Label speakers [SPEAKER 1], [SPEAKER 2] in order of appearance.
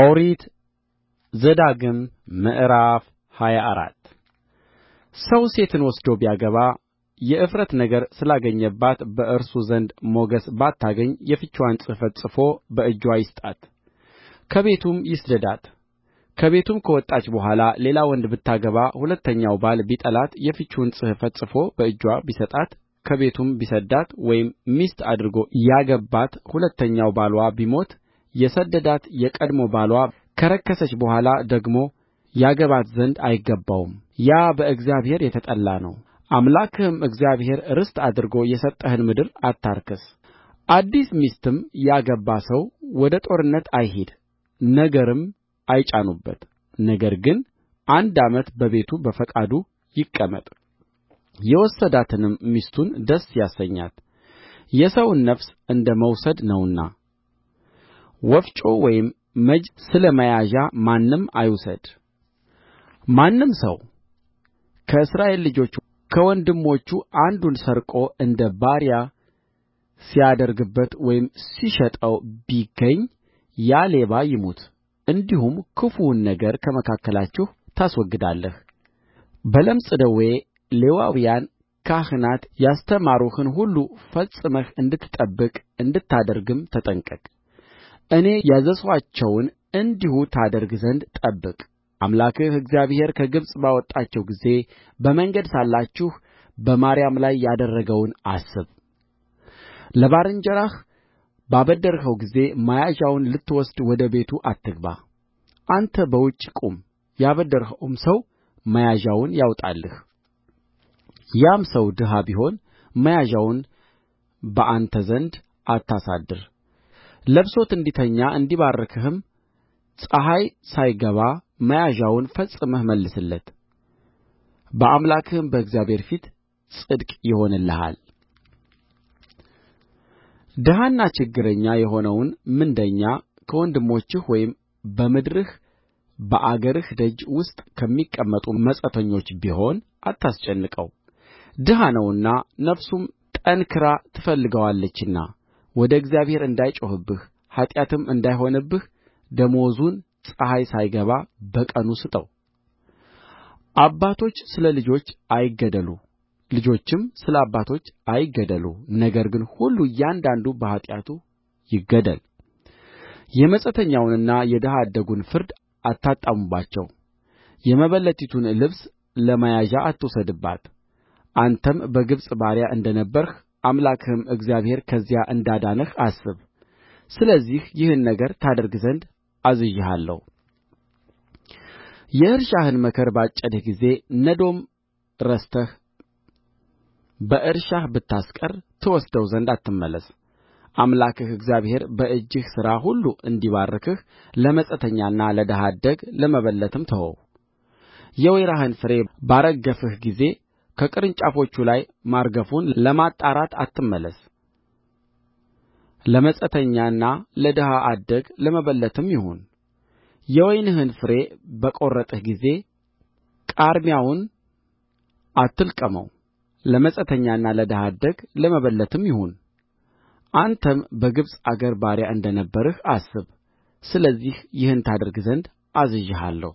[SPEAKER 1] ኦሪት ዘዳግም ምዕራፍ ሃያ አራት ሰው ሴትን ወስዶ ቢያገባ የእፍረት ነገር ስላገኘባት በእርሱ ዘንድ ሞገስ ባታገኝ የፍችዋን ጽሕፈት ጽፎ በእጅዋ ይስጣት ከቤቱም ይስደዳት ከቤቱም ከወጣች በኋላ ሌላ ወንድ ብታገባ ሁለተኛው ባል ቢጠላት የፍችዋን ጽሕፈት ጽፎ በእጅዋ ቢሰጣት ከቤቱም ቢሰዳት ወይም ሚስት አድርጎ ያገባት ሁለተኛው ባልዋ ቢሞት የሰደዳት የቀድሞ ባልዋ ከረከሰች በኋላ ደግሞ ያገባት ዘንድ አይገባውም ያ በእግዚአብሔር የተጠላ ነው አምላክህም እግዚአብሔር ርስት አድርጎ የሰጠህን ምድር አታርክስ አዲስ ሚስትም ያገባ ሰው ወደ ጦርነት አይሂድ ነገርም አይጫኑበት ነገር ግን አንድ ዓመት በቤቱ በፈቃዱ ይቀመጥ የወሰዳትንም ሚስቱን ደስ ያሰኛት የሰውን ነፍስ እንደ መውሰድ ነውና ወፍጮ ወይም መጅ ስለ መያዣ ማንም አይውሰድ ማንም ሰው ከእስራኤል ልጆች ከወንድሞቹ አንዱን ሰርቆ እንደ ባሪያ ሲያደርግበት ወይም ሲሸጠው ቢገኝ ያ ሌባ ይሙት እንዲሁም ክፉውን ነገር ከመካከላችሁ ታስወግዳለህ በለምጽ ደዌ ሌዋውያን ካህናት ያስተማሩህን ሁሉ ፈጽመህ እንድትጠብቅ እንድታደርግም ተጠንቀቅ እኔ ያዘዝኋቸውን እንዲሁ ታደርግ ዘንድ ጠብቅ አምላክህ እግዚአብሔር ከግብፅ ባወጣችሁ ጊዜ በመንገድ ሳላችሁ በማርያም ላይ ያደረገውን አስብ ለባልንጀራህ ባበደርኸው ጊዜ መያዣውን ልትወስድ ወደ ቤቱ አትግባ አንተ በውጭ ቁም ያበደርኸውም ሰው መያዣውን ያውጣልህ ያም ሰው ድሃ ቢሆን መያዣውን በአንተ ዘንድ አታሳድር ለብሶት እንዲተኛ እንዲባርክህም ፀሐይ ሳይገባ መያዣውን ፈጽመህ መልስለት በአምላክህም በእግዚአብሔር ፊት ጽድቅ ይሆንልሃል ድሀና ችግረኛ የሆነውን ምንደኛ ከወንድሞችህ ወይም በምድርህ በአገርህ ደጅ ውስጥ ከሚቀመጡ መጻተኞች ቢሆን አታስጨንቀው ድሀ ነውና ነፍሱም ጠንክራ ትፈልገዋለችና ወደ እግዚአብሔር እንዳይጮኽብህ ኃጢአትም እንዳይሆንብህ ደመወዙን ፀሐይ ሳይገባ በቀኑ ስጠው አባቶች ስለ ልጆች አይገደሉ ልጆችም ስለ አባቶች አይገደሉ ነገር ግን ሁሉ እያንዳንዱ በኃጢአቱ ይገደል የመጻተኛውንና የድሀ አደጉን ፍርድ አታጣምምባቸው የመበለቲቱን ልብስ ለመያዣ አትውሰድባት አንተም በግብፅ ባሪያ እንደ ነበርህ አምላክህም እግዚአብሔር ከዚያ እንዳዳነህ አስብ ስለዚህ ይህን ነገር ታደርግ ዘንድ አዝዤሃለሁ የእርሻህን መከር ባጨድህ ጊዜ ነዶም ረስተህ በእርሻህ ብታስቀር ትወስደው ዘንድ አትመለስ አምላክህ እግዚአብሔር በእጅህ ሥራ ሁሉ እንዲባርክህ ለመጻተኛና ለድሀ አደግ ለመበለትም ተወው የወይራህን ፍሬ ባረገፍህ ጊዜ ከቅርንጫፎቹ ላይ ማርገፉን ለማጣራት አትመለስ ለመጻተኛና ለድሀ አደግ ለመበለትም ይሁን የወይንህን ፍሬ በቈረጥህ ጊዜ ቃርሚያውን አትልቀመው ለመጻተኛና ለድሀ አደግ ለመበለትም ይሁን አንተም በግብፅ አገር ባሪያ እንደ ነበርህ አስብ ስለዚህ ይህን ታደርግ ዘንድ አዝዤሃለሁ